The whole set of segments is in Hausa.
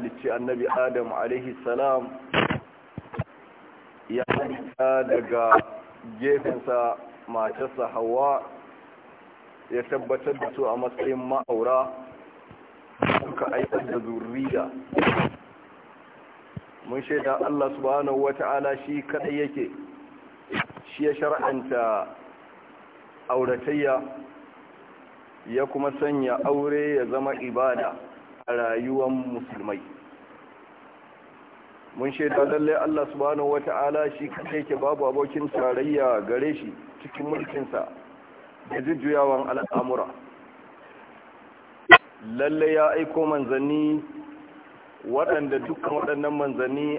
halicci annabi adam alaihi salam ya halitta daga gefensa matarsa hawa ya tabbatar da su a matsayin ma'aura suka aikar da zurriya mun shaida Allah subhanahu wata'ala shi kadai yake shi ya shar'anta auratayya ya kuma sanya aure ya zama ibada a rayuwar musulmai mun shaida lallai Allah subhanahu wata'ala shi kace ke babu abokin tarayya gare shi cikin mulkinsa da jujjuyawan al'amura lallai ya aiko manzanni waɗanda dukkan waɗannan manzanni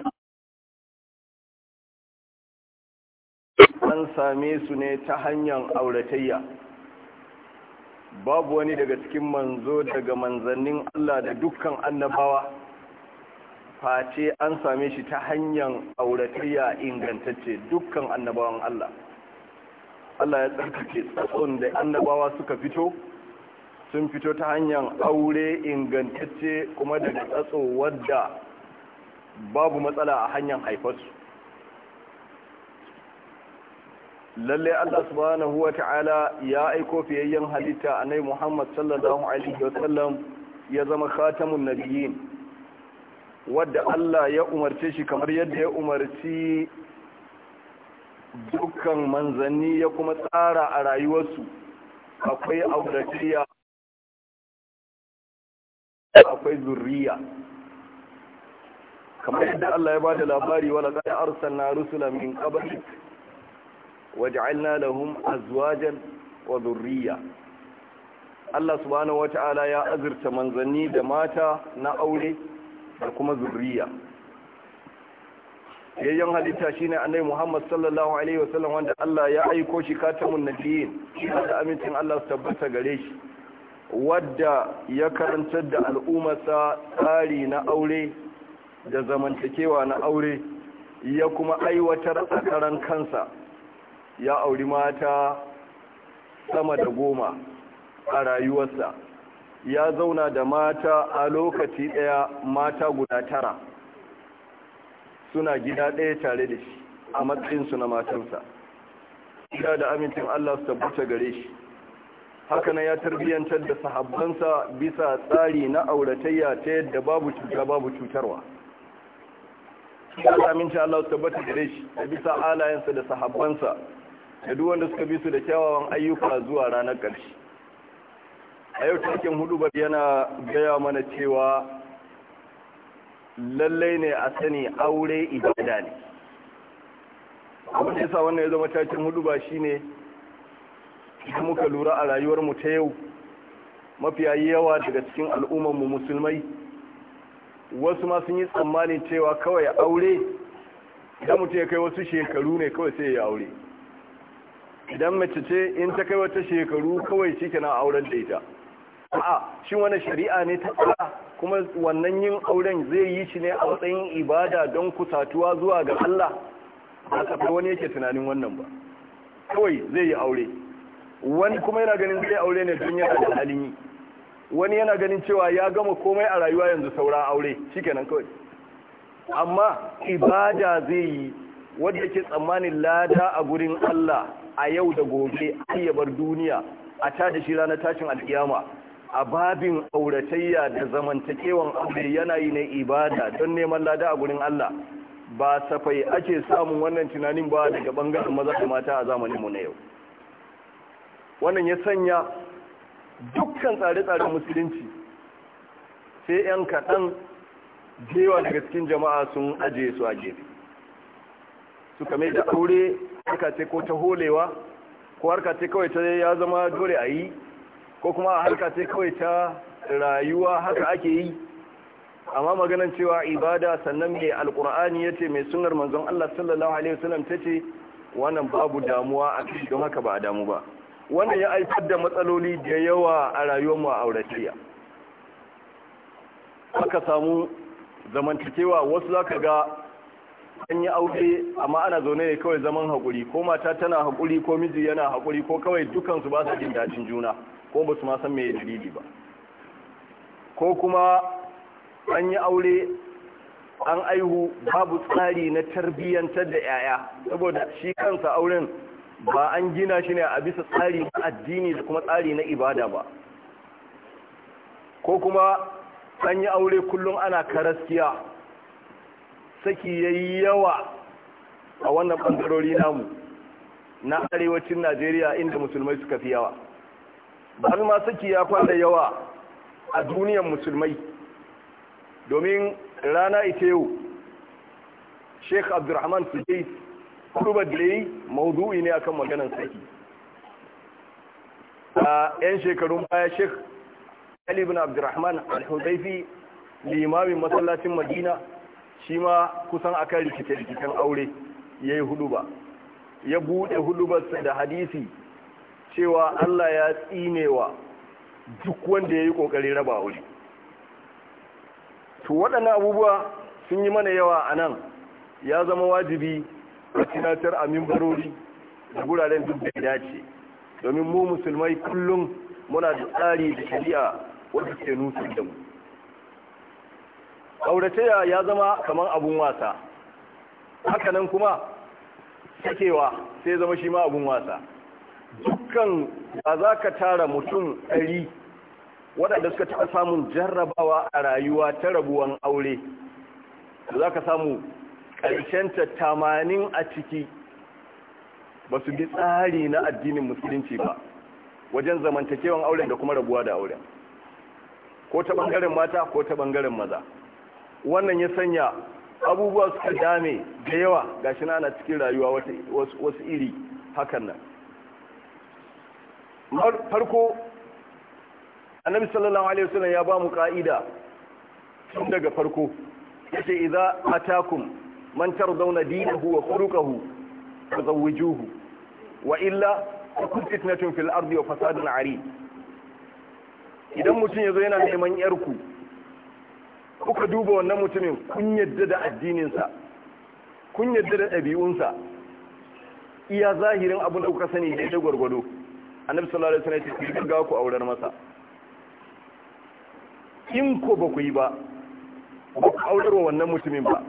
an same su ne ta hanyar auratayya babu wani daga cikin manzo daga manzannin Allah da dukkan annabawa face an same shi ta hanyar auratayya ingantacce dukkan annabawan Allah Allah ya tsarkake tsatson da annabawa suka fito sun fito ta hanyar aure ingantacce kuma daga tsatso wadda babu matsala a hanyar haifarsu lalle Allah subhanahu wa ta'ala ya aiko fiyayyen halitta nai Muhammad sallallahu alaihi wasallam ya zama khatamun nabiyyin wadda Allah ya umarce shi kamar yadda ya umarci dukkan manzanni ya kuma tsara a rayuwarsu akwai auratayya akwai zurriya kamar yadda Allah ya ba da labari wala arsa na rusula min kabarik waj'alna lahum azwajan wa dhurriyya Allah subhanahu wata'ala ya azurta manzanni da mata na aure da kuma zurriya halitta shine annabi Muhammad sallallahu alaihi wasallam wanda Allah ya aiko shi katamun nabiyin da amincin Allah su tabbata gare shi wadda ya karantar da al'ummarsa tsari na aure da zamantakewa na aure ya kuma aiwatar a karan kansa ya auri mata sama da goma a rayuwarsa ya zauna da mata a lokaci ɗaya mata guda tara suna gida ɗaya tare da shi a matsayinsu na matansa ya da amincin Allah su tabbata gare shi hakanan ya tarbiyyantar da sahabbansa bisa tsari na auratayya ta yadda babu cuta babu cutarwa ya da amincin Allah su tabbata gare shi a bisa alayensa da sahabbansa da duk wanda suka bi su da kyawawan ayyuka zuwa ranar ƙarshe a yau hudu hudubar yana gaya mana cewa lallai ne a sani aure ibada ne abin da yasa wannan ya zama ba huduba shine idan muka lura a rayuwar mu ta yau mafiya yawa daga cikin al'ummar mu musulmai wasu ma sun yi tsammanin cewa kawai aure idan mutum ya kai wasu shekaru ne kawai sai ya aure idan mace ce in ta kai wata shekaru kawai shi na auren da ita a'a shi wani shari'a ne ta tsara kuma wannan yin auren zai yi shi ne a matsayin ibada don kusatuwa zuwa ga Allah ba tsakar wani yake tunanin wannan ba kawai zai yi aure wani kuma yana ganin zai aure ne don yana da halin yi wani yana ganin cewa ya gama komai a rayuwa yanzu saura aure nan kawai amma ibada zai yi wadda ke tsammanin lada a gurin Allah a yau da gobe ayyabar duniya a tada shi ranar tashin alkiyama a babin auratayya da zamantakewan aure yana yi na ibada don neman lada a gurin Allah ba safai ake samun wannan tunanin ba daga bangaren maza da mata a zamanin mu na yau wannan ya sanya dukkan tsare-tsaren musulunci sai 'yan kaɗan jewa daga cikin jama'a sun ajiye su a gefe suka mai da aure harka ce ko ta holewa ko harka ce kawai ta ya zama dole a yi ko kuma harka ce kawai ta rayuwa haka ake yi amma maganan cewa ibada sannan mai alkur'ani ya ce mai sunar manzon Allah sallallahu alaihi wasallam ta ce wannan babu damuwa a kai don haka ba a damu ba wannan ya haifar da matsaloli da yawa a rayuwar mu a auratayya aka samu zamantakewa wasu zaka ga an yi aure amma ana zaune ne kawai zaman haƙuri ko mata tana haƙuri ko miji yana haƙuri ko kawai dukansu ba su jin daɗin juna ko ba su ma san me dalili ba ko kuma an yi aure an aihu babu tsari na tarbiyyantar da 'ya'ya saboda shi kansa auren ba an gina shi ne a bisa tsari na addini da kuma tsari na ibada ba ko kuma an yi aure kullum ana karaskiya saki ya yi yawa a wannan ɓangarori namu na arewacin najeriya inda musulmai suka fi yawa har ma saki ya fada yawa a duniyar musulmai domin rana ita yau sheikh abdurrahman sujai kudubar da yi maudu'i ne akan maganan saki a 'yan shekarun baya sheikh ali bin abdurrahman al-hudaifi limamin masallacin madina shi ma kusan akan rikice-rikicen aure ya yi huduba ya buɗe hulubarsa da hadisi cewa Allah ya tsinewa duk wanda ya yi ƙoƙari raba aure to waɗannan abubuwa sun yi mana yawa a nan ya zama wajibi a tunatar a mimbarori da guraren duk da dace domin mu musulmai kullum muna da tsari da shari'a wadda ke nusa da mu aurataya ya zama kamar abun wasa hakanan kuma sakewa sai zama shi ma abun wasa dukkan ba za ka tara mutum ɗari waɗanda suka taɓa samun jarrabawa a rayuwa ta rabuwan aure za ka samu ƙarshenta tamanin a ciki ba su bi tsari na addinin musulunci ba wajen zamantakewan auren da kuma rabuwa da auren ko ta ɓangaren mata ko ta ɓangaren maza wannan ya sanya abubuwa suka dame da yawa shi na cikin rayuwa wasu iri hakan nan farko annabi sallallahu alaihi wasallam ya ba mu ka'ida tun daga farko yace idza atakum man tardawna dinahu wa khuluquhu fazawwijuhu wa illa takun fitnatun fil ardi wa fasadun ari idan mutum yazo yana neman yarku kuka duba wannan mutumin kun yadda da addininsa kun yadda da ɗabi'unsa iya zahirin abin da kuka sani ita gwargwado annabi sallallahu alaihi wasallam ya ga ku aurar masa in ko ba ku yi ba ba ku wa wannan mutumin ba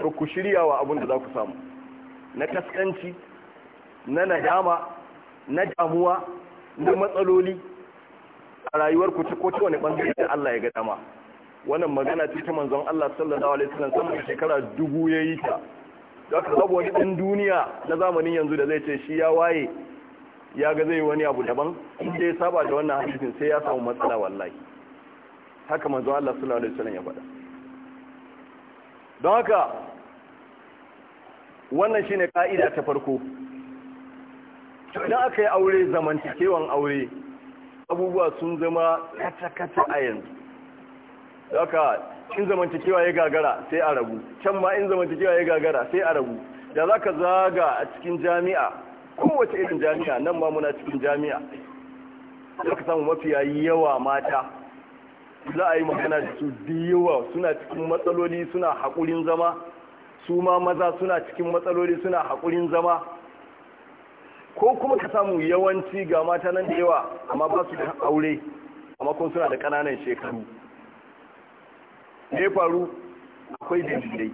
to ku shirya wa abin da za ku samu na kaskanci na nadama na damuwa na matsaloli a rayuwar ku ta ko ta wani bangare da Allah ya ga dama wannan magana ce ta manzon Allah sallallahu alaihi wasallam sama da shekara dubu yayi ta haka babu wani dan duniya na zamanin yanzu da zai ce shi ya waye ya ga zai wani abu daban in ya saba da wannan hadisin sai ya samu matsala wallahi haka manzon Allah sallallahu alaihi wasallam ya faɗa don haka wannan shine ka'ida ta farko idan aka yi aure zamantakewan aure abubuwa sun zama kata-kata a yanzu daga in zamantakewa ya gagara sai a ragu can ma in zamantakewa ya gagara sai a ragu da za ka zaga a cikin jami'a kowace irin jami'a nan ma muna cikin jami'a za ka samu mafiya yawa mata za a yi magana da su yawa suna cikin matsaloli suna haƙurin zama su ma maza suna cikin matsaloli suna haƙurin zama ko kuma ka samu yawanci ga mata nan da yawa amma ba su da aure amma kuma suna da ƙananan shekaru ne ya faru akwai dalilai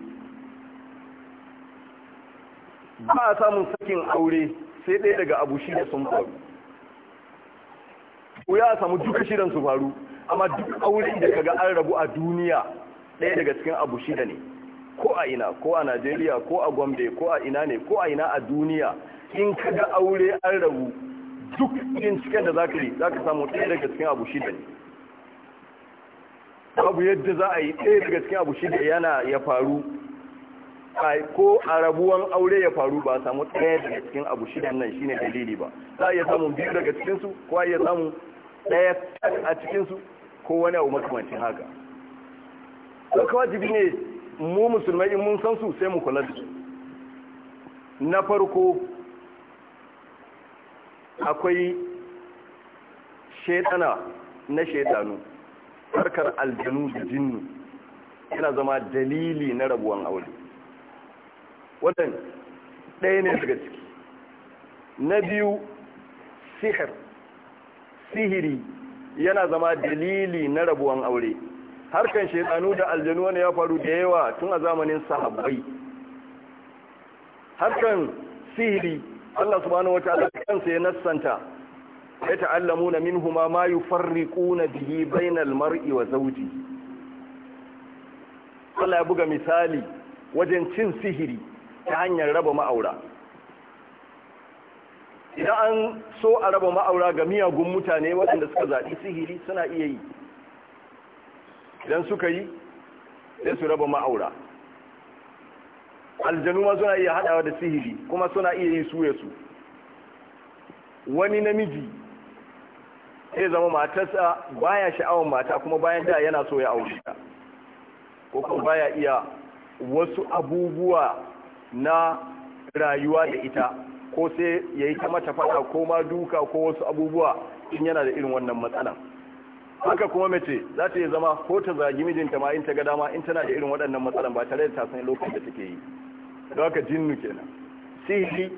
ba a samun sakin aure sai ɗaya daga abu shida sun faru ko ya samu duka shidan su faru amma duk aure da kaga an rabu a duniya ɗaya daga cikin abu shida ne ko a ina ko a najeriya ko a gombe ko a ina ne ko a ina a duniya in kaga aure an rabu duk cikin cikin da za ka yi za ka samu ɗaya daga cikin abu shida ne babu yadda za a yi ɗaya daga cikin abu shida yana ya faru ko a rabuwan aure ya faru ba a samu ɗaya daga cikin abu shida nan shine dalili ba za a iya samun biyu daga cikinsu ko a iya samun ɗaya a cikinsu ko wani abu makamancin haka ɗauka jibi ne mu musulmai in mun san su sai mu kula da su na farko akwai shaidana na shaidanu harkar aljanu da jinnu yana zama dalili na rabuwan aure wadan ɗaya ne daga ciki na biyu sihir sihiri yana zama dalili na rabuwan aure harkan shaidanu da aljanu wani ya faru da yawa tun a zamanin sahabbai harkan sihiri Allah subhanahu wataala kansa ya nassanta yata'allamuna minhuma ma yufarriquna bihi bainal mar'i wa zawji Allah ya buga misali wajen cin sihiri ta hanyar raba ma'aura idan an so a raba ma'aura ga miyagun mutane waɗanda suka zaɓi sihiri suna iya yi idan suka yi sai su raba ma'aura aljanu suna iya haɗawa da sihiri kuma suna iya yi su wani namiji sai zama matarsa baya sha'awar mata kuma bayan da yana so ya aure ta ko kuma baya iya wasu abubuwa na rayuwa da ita ko sai ya yi ta mata fada ko ma duka ko wasu abubuwa in yana da irin wannan matsalan haka kuma mace za ta yi zama ko ta zagi mijinta ma in ta ga dama in tana da irin waɗannan matsalan ba tare da ta san lokacin da take yi don haka jinnu kenan sihiri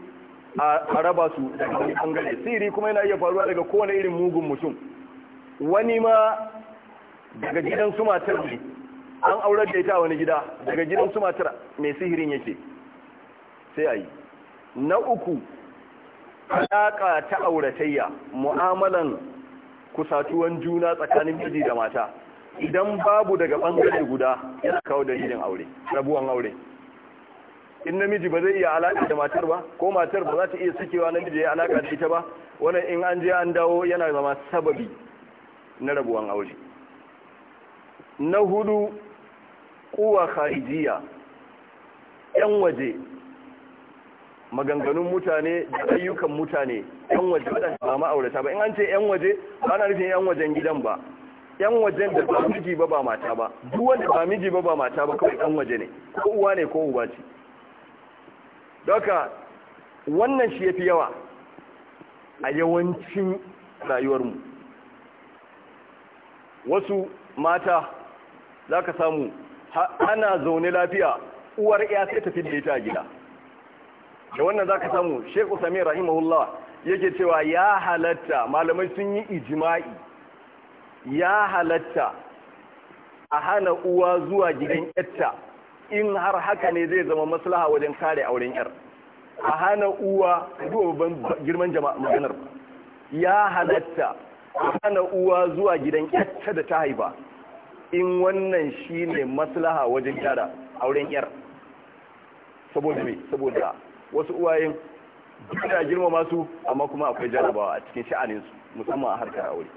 a raba su daga wani bangare sihiri kuma yana iya faruwa daga kowane irin mugun mutum wani ma daga gidan su matar ne an aurar da ita wani gida daga gidan su matar mai sihirin yake sai a yi na uku alaƙa ta auratayya mu'amalan kusatuwan juna tsakanin miji da mata idan babu daga bangare guda yana kawo dalilin aure rabuwan aure in namiji ba zai iya alaƙa da matar ba ko matar ba za ta iya sakewa namiji ya alaƙa da ita ba wannan in an je an dawo yana zama sababi na rabuwan aure na hudu kuwa kharijiya yan waje maganganun mutane da ayyukan mutane yan waje waɗanda ba ma'aurata ba in an ce yan waje ba na nufin yan wajen gidan ba yan wajen da ba miji ba ba mata ba duk wanda ba miji ba ba mata ba kawai yan waje ne ko uwa ne ko uba ce doka wannan shi ya fi yawa a yawancin rayuwarmu wasu mata za ka samu ana zaune lafiya uwar ya sai tafi da ita a gida da wannan za ka samu shekku sami rahimahullah yake cewa ya halatta malamai sun yi ijima'i ya halatta a hana uwa zuwa gidan yatta in har haka ne zai zama maslaha wajen kare auren yar a hana uwa zuwa babban girman jama'a maganar ya halatta a hana uwa zuwa gidan yatta da ta haifa in wannan shi ne maslaha wajen kare auren yar saboda mai saboda wasu uwayen duk girma masu amma kuma akwai jarabawa a cikin sha'aninsu musamman a harkar aure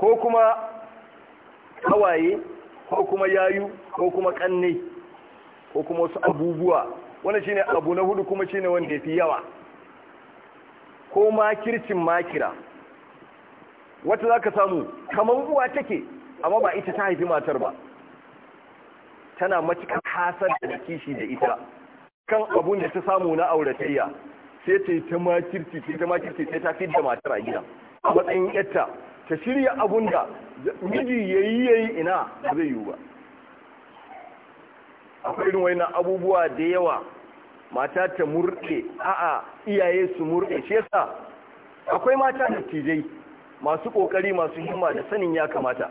ko kuma kawaye ko kuma yayu ko kuma kanne ko kuma wasu abubuwa shi ne abu na hudu kuma shi ne wanda fi yawa ko makircin makira wata za ka samu kamar uwa take amma ba ita ta haifi matar ba tana matuƙar hasar da kishi da ita kan abun da ta samu na auratayya sai ta yi ta makirci sai ta makirci sai ta fi da matar a gida a matsayin yatta ta shirya abun da miji ya yi ya yi ina ba zai yiwu ba akwai irin wani abubuwa da yawa mata ta murɗe a'a iyaye su murɗe shi yasa akwai mata da tijai masu ƙoƙari masu himma da sanin ya kamata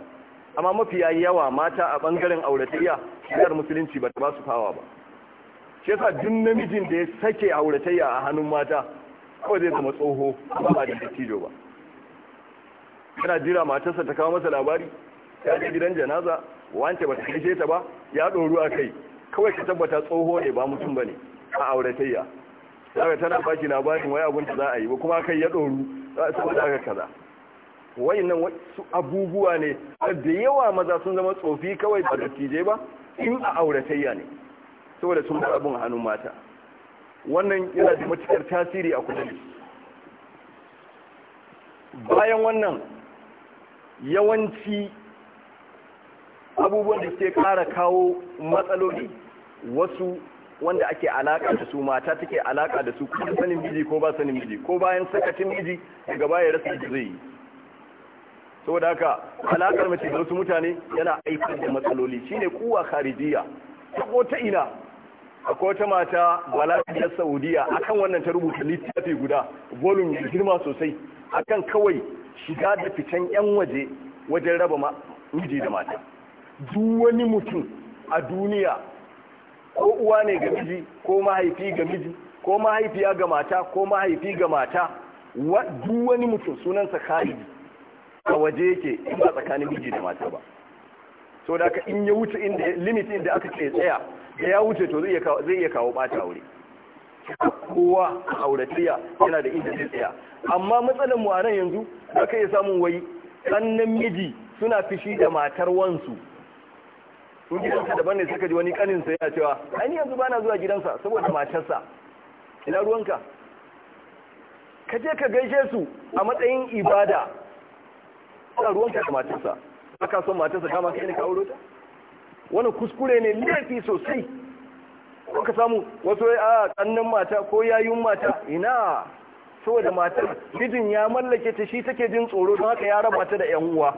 amma mafi yawa mata a ɓangaren auratayya shigar musulunci ba ta ba su fawa ba shi yasa duk namijin da ya sake auratayya a hannun mata kawai zai zama tsoho ba da dattijo ba yana jira matarsa ta kawo masa labari ya je gidan janaza wance ba ta kashe ta ba ya doru a kai kawai ka tabbata tsoho ne ba mutum ba ne, a auratayya daga tana baki labarin wai abin da za a yi ba kuma kai ya doru saboda aka kaza nan wasu abubuwa ne da yawa maza sun zama tsofi kawai ba dattije ba in a auratayya ne saboda sun bar abin hannun mata wannan yana da matukar tasiri a kudin bayan wannan yawanci abubuwan da ke kara kawo matsaloli wasu wanda ake alaka da su mata take alaka da su kuma sanin miji ko ba sanin miji ko bayan sakacin miji daga baya rasa da zai yi saboda haka alakar mace da wasu mutane yana aikar da matsaloli shine kuwa kharijiya ta ko ta ina akwai wata mata balafiyar saudiya akan wannan ta rubuta littafi guda volume girma sosai akan kawai shiga da fitan yan waje wajen raba miji da mata duk wani mutum a duniya ko uwa ne ga miji ko mahaifi ga miji ko mahaifiya ga mata ko mahaifi ga mata duk wani mutum sunansa khalidi a waje yake in ba tsakanin miji da mata ba so da in ya wuce inda limit inda aka ce tsaya da ya wuce to zai iya kawo bata aure kowa a auratayya yana da inda zai tsaya amma matsalar mu a nan yanzu da yi samun wai kannan miji suna fishi da matar wansu in gidansa daban ne suka ji wani kaninsa ya cewa Ainihin yanzu ba na zuwa gidansa saboda matarsa ina ruwanka ka je ka gaishe su a matsayin ibada ina ruwanka da matarsa aka son matarsa kama sai ne ka aure ta wani kuskure ne laifi sosai ko ka samu wato a ah, ƙannan mata ko yayun mata ina saboda matar mijin ya mallake ta shi take jin tsoro don haka ya raba ta da yan uwa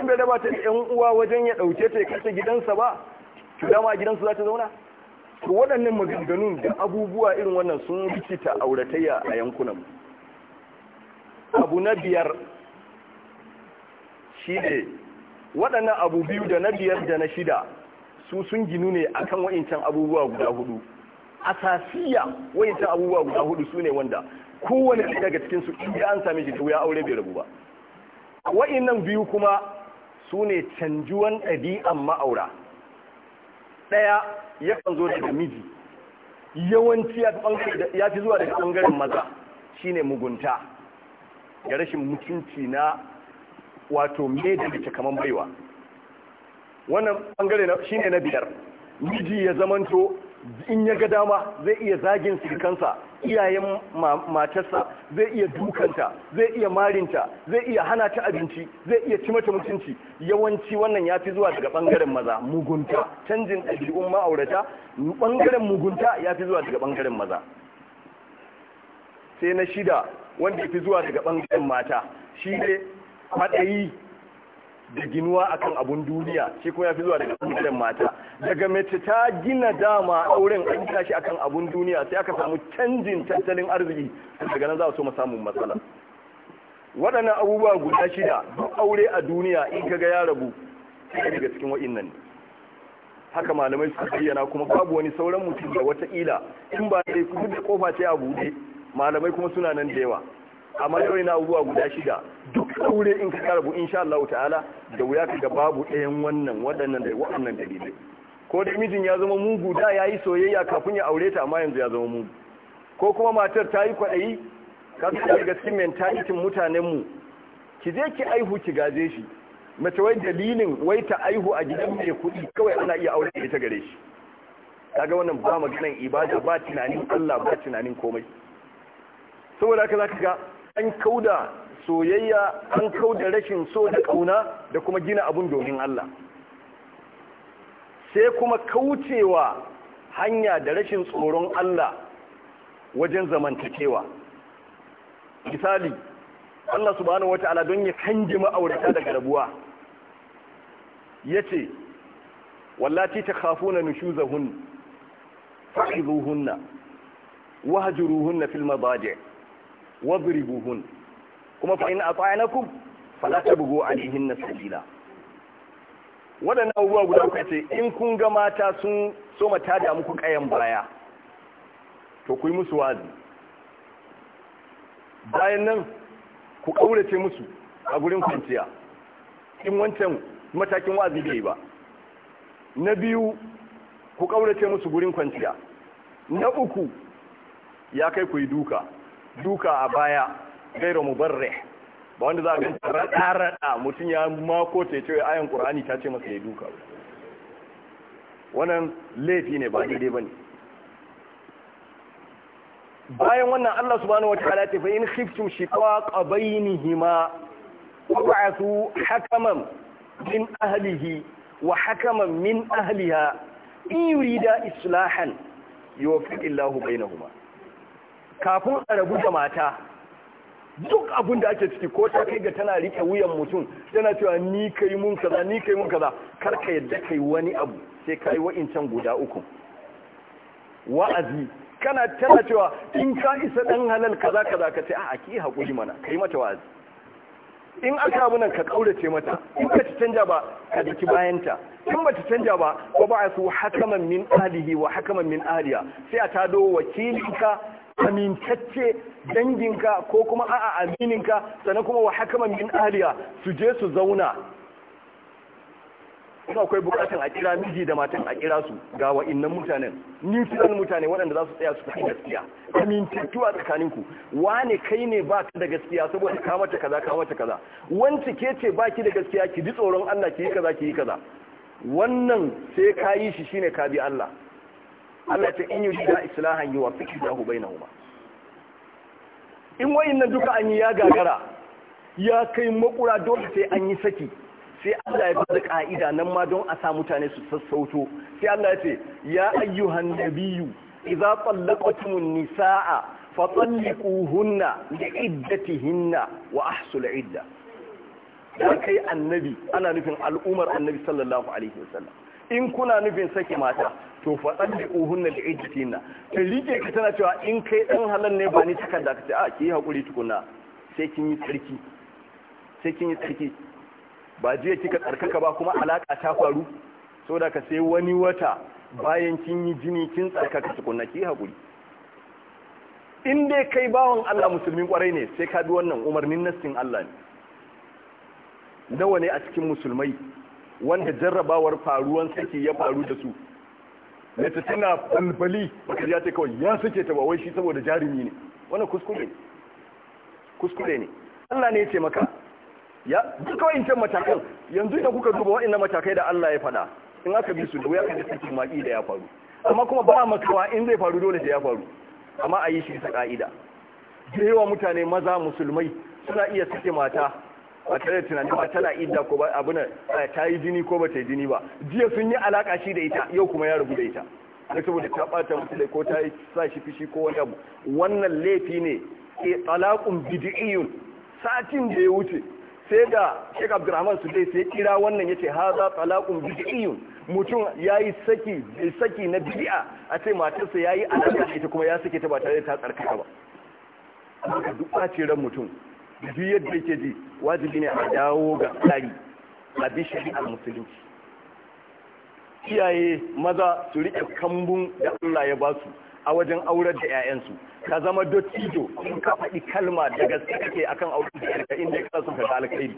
in bai raba ta da yan uwa wajen ya dauke ta ya kace gidansa ba to dama gidansu za ta zauna to waɗannan maganganun da abubuwa irin wannan sun rikita auratayya a yankunan abu na biyar shi ne waɗannan abu biyu da na biyar da na shida su sun ginu ne akan wa'incan abubuwa guda hudu asasiya wa'incan abubuwa guda hudu su ne wanda kowane daga cikin su inda an sami shi ya aure bai rabu ba wa'innan biyu kuma su ne canjuwan ɗabi'an ma'aura ɗaya ya kan zo daga miji yawanci ya fi zuwa daga ɓangaren maza shine mugunta ga rashin mutunci na wato me da mace kaman baiwa wannan ɓangare shine na biyar miji ya zamanto in ya ga dama zai iya zagin sirkansa iyayen matarsa zai iya dukanta zai iya marinta zai iya hana ta abinci zai iya ci mata mutunci yawanci wannan ya fi zuwa daga bangaren maza mugunta canjin ɗabi'un ma'aurata bangaren mugunta ya fi zuwa daga bangaren maza sai na shida wanda ya fi zuwa daga bangaren mata shi ne kwaɗayi da ginuwa akan abun duniya shi kuma ya fi zuwa daga ɓangaren mata daga mace ta gina dama auren an tashi akan abun duniya sai aka samu canjin tattalin arziki daga nan za a so mu samun matsala waɗannan abubuwa guda shida duk aure a duniya in kaga ya rabu sai daga cikin wa'innan ne haka malamai suka bayyana kuma babu wani sauran mutum da wata ila. in ba dai kuma da kofa ce a buɗe malamai kuma suna nan da yawa a yau na abubuwa guda shida duk aure in ka karabu insha Allah ta'ala da wuya ka ga babu ɗayan wannan waɗannan da waɗannan dalilai ko da mijin ya zama mugu da ya yi soyayya kafin ya aure ta amma yanzu ya zama mugu ko kuma matar ta yi kwaɗayi ka ga daga cikin mentalitin mutanen mu ki je ki aihu ki gaje shi mace wai dalilin wai ta aihu a gidan mai kuɗi kawai ana iya aure da ita gare shi kaga wannan ba maganan ibada ba tunanin Allah ba tunanin komai saboda haka zaka ga an kauda soyayya an kauda rashin so da kauna da kuma gina abun domin Allah sai kuma kaucewa hanya da rashin tsoron Allah wajen zamantakewa misali Allah subhanahu wata'ala don ya kanji ma'aurata daga rabuwa yace wallati takhafuna nushuzahun fa'izuhunna wahjuruhunna fil mabadi' wadribuhun kuma fa in ata'anakum fala nihin na sabila waɗannan abubuwa guda uku ce in kun ga mata sun soma damu muku kayan baya to ku yi musu wazi bayan nan ku ƙaurace musu a gurin kwanciya in wancan matakin wazi bai ba na biyu ku ƙaurace musu gurin kwanciya na uku ya kai ku yi duka duka a baya mu barre ba wanda za a ganta rada rada mutum ya mako ta ce ayan qur'ani ta ce masa ya duka wannan laifi ne ba daidai bane bayan wannan Allah subhanahu wataala ta fa in khiftum shiqaqa hima fab'athu hakaman min ahlihi wa hakaman min ahliha in yurida islahan bai na huma. kafin a rabu da mata duk abin da ake ciki ko ta kai ga tana rike wuyan mutum tana cewa ni kai mun kaza ni kai mun kaza kar ka yadda kai wani abu sai kai wa'incan guda uku wa'azi kana tana cewa in ka isa dan halal kaza kaza ka ce a ki hakuri mana kai mata wa'azi in aka abu nan ka kaurace mata in ka canja ba ka daki bayanta in ba ta canja ba ko ba su hakaman min ahlihi wa hakaman min ahliya sai a tado wakilinka amintacce danginka ko kuma a'a amininka sannan kuma wa hakaman min ahliya su je su zauna kuma akwai bukatan a kira miji da matan a kira su ga wa'innan mutanen neutral mutane waɗanda za su tsaya su kai gaskiya amintattu a tsakaninku wane kai ne ba ka da gaskiya saboda ka mata kaza ka mata kaza wance ke ce ba ki da gaskiya ki ji tsoron Allah ki yi kaza ki yi kaza wannan sai ka yi shi shine ka bi Allah Allah ce in da islahan yuwaffiq Allahu bainahuma in nan duka an yi ya gagara ya kai makura dole sai an yi saki sai Allah ya bada ka'ida nan ma don a sa mutane su sassauto sai Allah ya ce ya ayyuhan nabiyyu idza tallaqtumun nisaa fa talliquhunna li'iddatihinna wa ahsul idda Ya kai annabi ana nufin al'umar annabi sallallahu alaihi wasallam in kuna nufin sake mata to faɗan da uhun na li'ijitina ta rike ka tana cewa in kai ɗan halar ne ba ni da ka ce a ah, ke yi haƙuri tukuna sai kin yi tsarki sai kin yi tsarki ba jiya kika tsarkaka ba kuma alaƙa ta faru da ka sai wani wata bayan kin yi jini kin tsarkaka tukuna ke yi haƙuri in dai kai bawan Allah musulmin kwarai ne sai ka bi wannan umarnin nassin Allah ne nawa ne a cikin musulmai wanda jarrabawar faruwan saki ya faru da su ta tana falfali wata ya ce kawai ya suke ta wai shi saboda jarumi ne wannan kuskure ne kuskure ne Allah ne ya ce maka ya duka can matakan yanzu idan kuka duba na matakai da Allah ya fada in aka bi su da wuya kan cikin maki da ya faru amma kuma ba makawa in zai faru dole da ya faru amma a yi shi ta ka'ida da mutane maza musulmai suna iya sake mata ba tare da tunanin ba tana idda ko abu na eh, ta yi jini ko ba ta yi jini ba jiya sun yi alaka shi da ita yau kuma ya rubu da ita da saboda ta bata musu ko ta yi sa shi fishi ko wani abu wannan laifi ne ke eh, talaqun bid'iyun satin da ya wuce sai da Sheikh su dai sai kira wannan ya ce haza talaqun bid'iyun mutum yayi saki saki na bidiya a ce matarsa yi alaka ita kuma ya sake ta ba tare da ta tsarkaka ba duk bacin ran mutum duk yadda yake ji wajibi ne a dawo ga tsari a bi musulunci iyaye maza su riƙe kambun da Allah ya ba su a wajen aurar da 'ya'yansu ka zama dottijo in ka faɗi kalma da gaske kake akan aurar da 'yarka inda ka sun fata alkhairi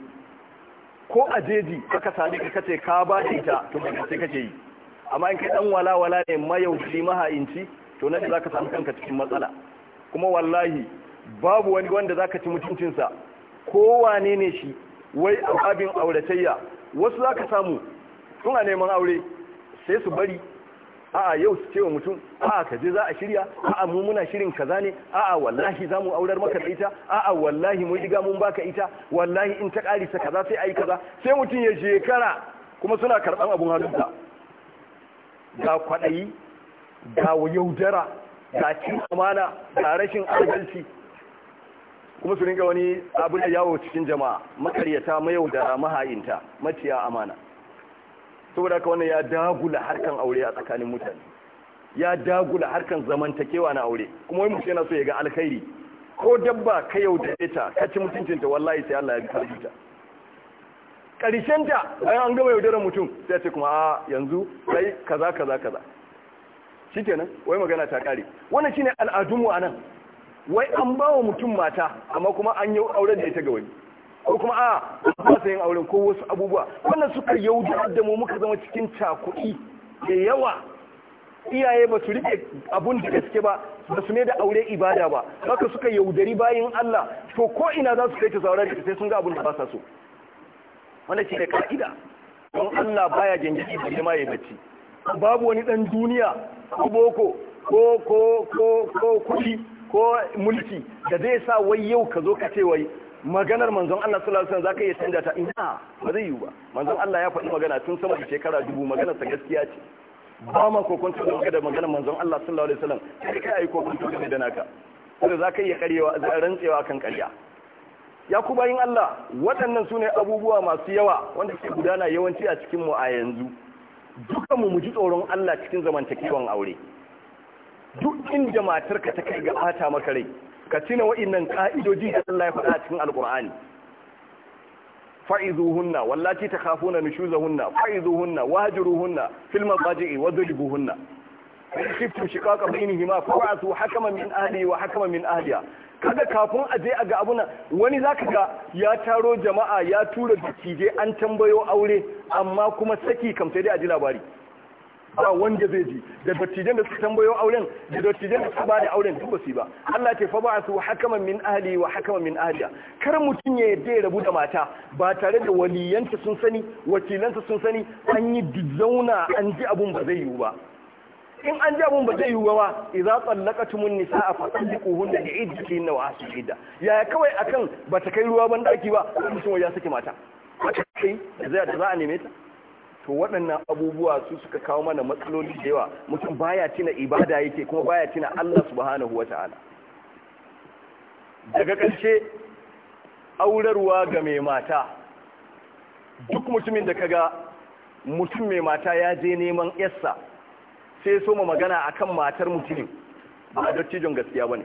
ko a jeji ka sami ka kace ka ba da ita to da gaske kake yi amma in kai dan wala ne mayauci maha'inci to nan za ka samu kanka cikin matsala kuma wallahi babu wani wanda za ka ci mutuncinsa kowane ne shi wai abin auratayya wasu za zaka samu suna neman aure sai su bari a'a yau su ce wa mutum a kaje za a shirya a'a a muna shirin kaza ne a wallahi za mu aurar maka da ita a'a wallahi mun diga mun baka ita wallahi in ta karisa kaza sai ayi kaza sai mutum ya shekara kuma suna karɓar abun hannunsa ga kwaɗayi ga yaudara ga cin amana ga rashin adalci kuma su ringa wani abin da yawo cikin jama'a makaryata mayau da mahayinta maciya amana saboda ka wannan ya dagula harkan aure a tsakanin mutane ya dagula harkan zamantakewa na aure kuma wani mutum yana so ya ga alkhairi ko dabba ka yaudare ita, ka ci mutuncinta wallahi sai Allah ya karbi ta karshen ta bayan an gama yaudarar mutum sai ce kuma a ah, yanzu sai kaza kaza kaza shikenan wai magana ta kare wannan shine al'adunmu anan wai an ba wa mutum mata amma kuma an yi auren da ita ga wani ko kuma a ah, ba yin auren ko wasu abubuwa wannan suka yaudar da mu muka zama cikin cakuɗi da yawa iyaye ba su riƙe abun da gaske ba ba su ne da aure ibada ba haka suka yaudari bayan Allah to ko ina za su kai ta zaura da sai sun ga abun da ba sa so wannan shi da ka'ida don Allah baya gengedi da jama'a ya bacci babu wani dan duniya ko boko ko ko ko ko kuɗi ko mulki da zai sa wai yau ka zo ka ce wai maganar manzon Allah sallallahu alaihi wasallam zaka iya canja ta ina ba zai yiwu ba manzon Allah ya faɗi magana tun sama da shekara dubu maganar sa gaskiya ce ba ma kokonto game da maganar manzon Allah sallallahu alaihi wasallam kai kai kokonto game da naka sai zaka iya karewa rantsewa kan karya. ya ku bayin Allah waɗannan sune abubuwa masu yawa wanda ke gudana yawanci a cikin mu a yanzu mu mu ji tsoron Allah cikin zamantakewan aure duk inda matarka ta kai ga bata maka rai ka tuna wa'annan ka'idoji da Allah ya faɗa a cikin alƙur'ani fa'izuhunna wallati takhafuna nushuzahunna fa'izuhunna wahjuruhunna fil mabaji'i wadribuhunna in khiftum shiqaqa bainihima fa'atu hakaman min ahli wa hakaman min ahliya kaga kafin a je a ga abuna wani zaka ga ya taro jama'a ya tura dukije an tambayo aure amma kuma saki kam sai dai a ji labari ba wanda zai ji da dattijan da su tambayo auren da dattijan da su ba da auren duk su ba Allah ke fa su hakaman min ahli wa hakaman min ahliya kar mutum ya yadda ya rabu da mata ba tare da waliyanta sun sani wakilanta sun sani an yi dizauna an ji abun ba zai yiwu ba in an ji abun ba zai yiwu ba idza tallaqatumun nisaa fa talliquhunna iddatin wa asidda yaya kawai akan ba ta kai ruwa ban daki ba mutum ya saki mata ta kai da za a neme ta to waɗannan abubuwa su suka kawo mana matsaloli da yawa mutum baya tuna ibada yake kuma baya tuna Allah subhanahu wata'ala daga ƙarshe aurarwa ga mai mata duk mutumin da kaga mutum mai mata ya je neman yarsa sai so ma magana akan matar mutumin ba a dattijon gaskiya bane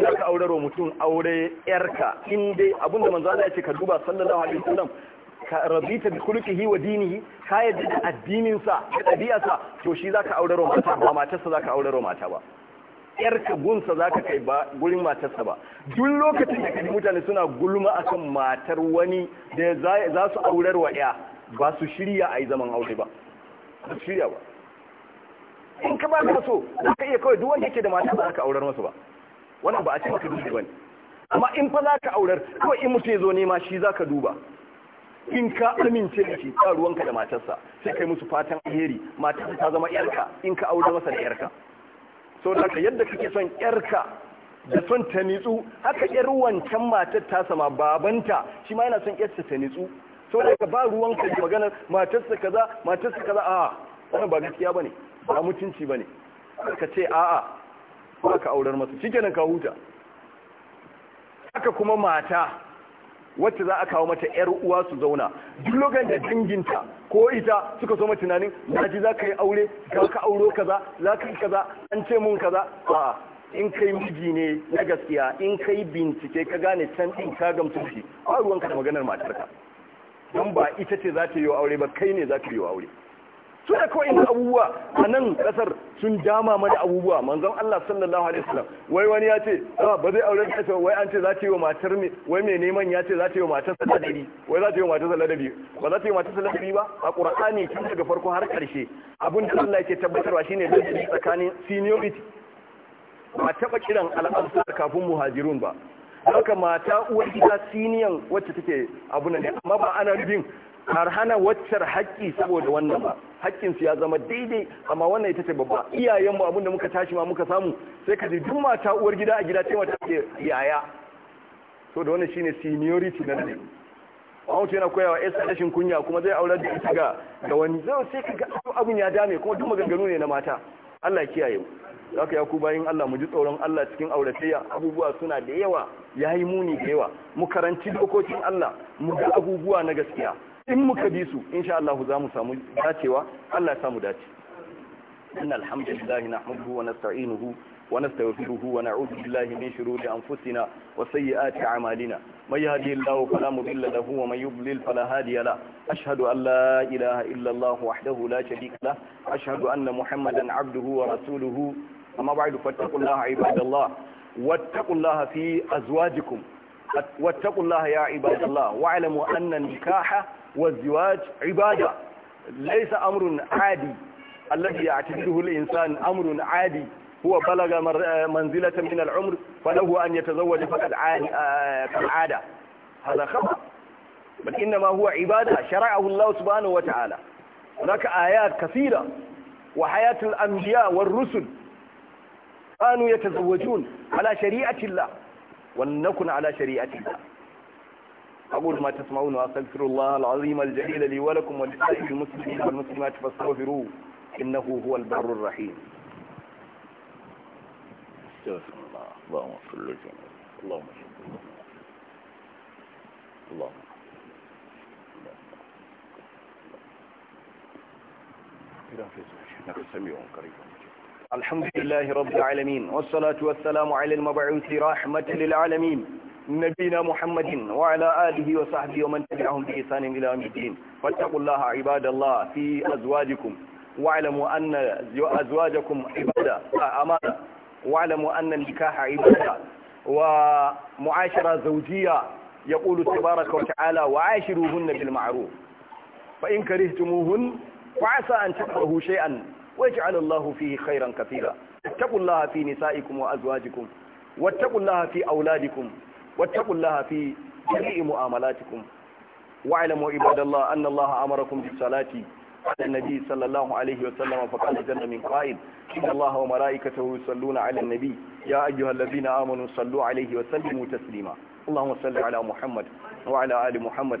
za ka aurarwa mutum aure yarka in dai abinda manzana ya ce ka duba sallallahu alaihi wasallam ka rabita bi khuluqihi wa dinihi ka yadda da addinin sa da ɗabi'arsa to shi zaka auraro mata ba matarsa zaka auraro mata ba yarka gunsa zaka kai ba gurin matarsa ba duk lokacin da kani mutane suna gulma akan matar wani da za su wa ya ba su shirya a yi zaman aure ba ba su shirya ba in ka ba ka so za ka iya kawai duk wanda yake da mata ba za ka aurar masa ba wannan ba a ce maka dubi ba ne amma in fa za ka aurar kawai in mutu ya zo nema shi za ka duba in ka amince da shi ka ruwanka da matarsa sai kai musu fatan alheri matarsa ta zama yarka in ka aure masa da yarka so da yadda kake son yarka da son ta nitsu haka yar wancan matar ta sama babanta shi ma yana son yarsa ta nitsu so da ba ruwanka da magana, matarsa kaza matarsa kaza a'a wannan ba gaskiya bane ba mutunci bane ka ce a'a ko ka aurar masa shikenan ka huta haka kuma mata wacce za a kawo mata yar uwa su zauna duk lokacin da danginta ko ita suka so mata tunanin ji za ka yi aure ka ka auro kaza za ka yi kaza an ce mun kaza a'a in kai miji ne na gaskiya in kai bincike ka gane can din ka gamsu shi a ruwanka da maganar matarka don ba ita ce za ta yi aure ba kai ne za ta yi aure su da kawai da abubuwa a nan kasar sun dama mana abubuwa manzon Allah sallallahu alaihi wasallam wai wani ya ce ah, ba zai aure ta wai an ce za ta yi wa matar me wai mai neman ya ce za ta yi wa matar ladabi wai za ta yi wa matar ladabi ba za ta yi wa matar ladabi ba a qur'ani tun daga farko har karshe abin da Allah yake tabbatarwa shine ladabi tsakanin seniority ba taba kiran al'amsar kafin muhajirun ba haka mata uwar gida siniyan wacce take abu ne amma ba ana rubin har hana waccar haƙƙi saboda wannan ba haƙƙinsu ya zama daidai amma wannan ita ce babba iyayenmu mu da muka tashi ma muka samu sai ka ji duma ta uwar gida a gida taimaka ke yaya so da wannan shine seniority na dare wani yana koyawa sa rashin kunya kuma zai aurar da ita ga wani zai sai ka ga abin ya dame kuma duk maganganu ne na mata Allah ya kiyaye za ka yaku bayan Allah mu ji tsoron Allah cikin auratayya abubuwa suna da yawa ya yi muni da yawa mu karanci dokokin Allah mu ga abubuwa na gaskiya in muka bi su insha Allah za mu samu dacewa Allah ya samu dace inna alhamdulillahi nahmaduhu wa nasta'inuhu wa nastaghfiruhu wa na'udhu billahi min shururi anfusina wa sayyiati a'malina may yahdihillahu fala mudilla lahu wa may yudlil fala hadiya la ashhadu an la ilaha illa Allah wahdahu la sharika la ashhadu anna muhammadan 'abduhu wa rasuluhu amma ba'du fattaqullaha ibadallah wattaqullaha fi azwajikum واتقوا الله يا عباد الله واعلموا أن النكاح والزواج عبادة ليس أمر عادي الذي يعتبره الإنسان أمر عادي هو بلغ منزلة من العمر فله أن يتزوج فقد كالعادة آه، هذا خطأ بل إنما هو عبادة شرعه الله سبحانه وتعالى هناك آيات كثيرة وحياة الأنبياء والرسل كانوا يتزوجون على شريعة الله ولنكن على شريعتنا أقول ما تسمعون وأستغفر الله العظيم الجليل لي ولكم ولسائر المسلمين والمسلمات فاستغفروه إنه هو البر الرحيم استغفر الله اللهم صل وسلم اللهم صل اللهم إلى في نحن سميع قريب الحمد لله رب العالمين والصلاة والسلام على المبعوث رحمة للعالمين نبينا محمد وعلى آله وصحبه ومن تبعهم بإحسان إلى يوم الدين فاتقوا الله عباد الله في أزواجكم واعلموا أن أزواجكم عبادة أمانة واعلموا أن النكاح عبادة ومعاشرة زوجية يقول تبارك وتعالى وعاشروهن بالمعروف فإن كرهتموهن فعسى أن تكرهوا شيئا ويجعل الله فيه خيرا كثيرا اتقوا الله في نسائكم وأزواجكم واتقوا الله في أولادكم واتقوا الله في جميع معاملاتكم واعلموا عباد الله أن الله أمركم بالصلاة على النبي صلى الله عليه وسلم فقال جل من قائل إن الله وملائكته يصلون على النبي يا أيها الذين آمنوا صلوا عليه وسلموا تسليما اللهم صل على محمد وعلى آل محمد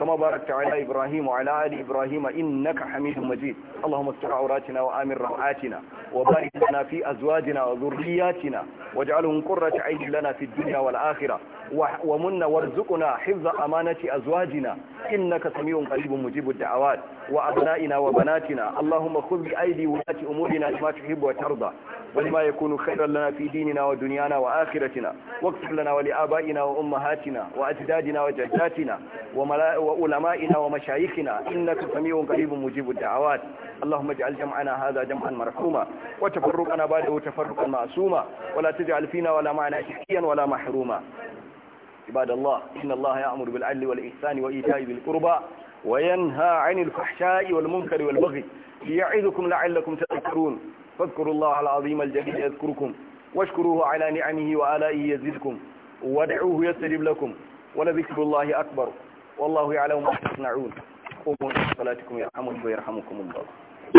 كما باركت على إبراهيم وعلى آل إبراهيم إنك حميد مجيد اللهم استر عوراتنا وآمن روعاتنا وبارك لنا في أزواجنا وذرياتنا واجعلهم قرة عين لنا في الدنيا والآخرة ومن وارزقنا حفظ أمانة أزواجنا إنك سميع قريب مجيب الدعوات وأبنائنا وبناتنا اللهم خذ بأيدي ولاة أمورنا لما تحب وترضى ولما يكون خيرا لنا في ديننا ودنيانا وآخرتنا واغفر لنا ولآبائنا وأمهاتنا وأجدادنا وجداتنا وملائكتنا وعلمائنا ومشايخنا إنك سميع قريب مجيب الدعوات اللهم اجعل جمعنا هذا جمعا مرحوما وتفرقنا بعده تفرقا معصوما ولا تجعل فينا ولا معنا شقيا ولا محروما عباد الله إن الله يأمر بالعدل والإحسان وإيتاء ذي القربى وينهى عن الفحشاء والمنكر والبغي ليعظكم لعلكم تذكرون فاذكروا الله العظيم الجليل يذكركم واشكروه على نعمه وآلائه يزدكم وادعوه يستجب لكم ولذكر الله أكبر والله يعلم ما تصنعون قوموا بصلاتكم صلاتكم يرحمكم ويرحمكم الله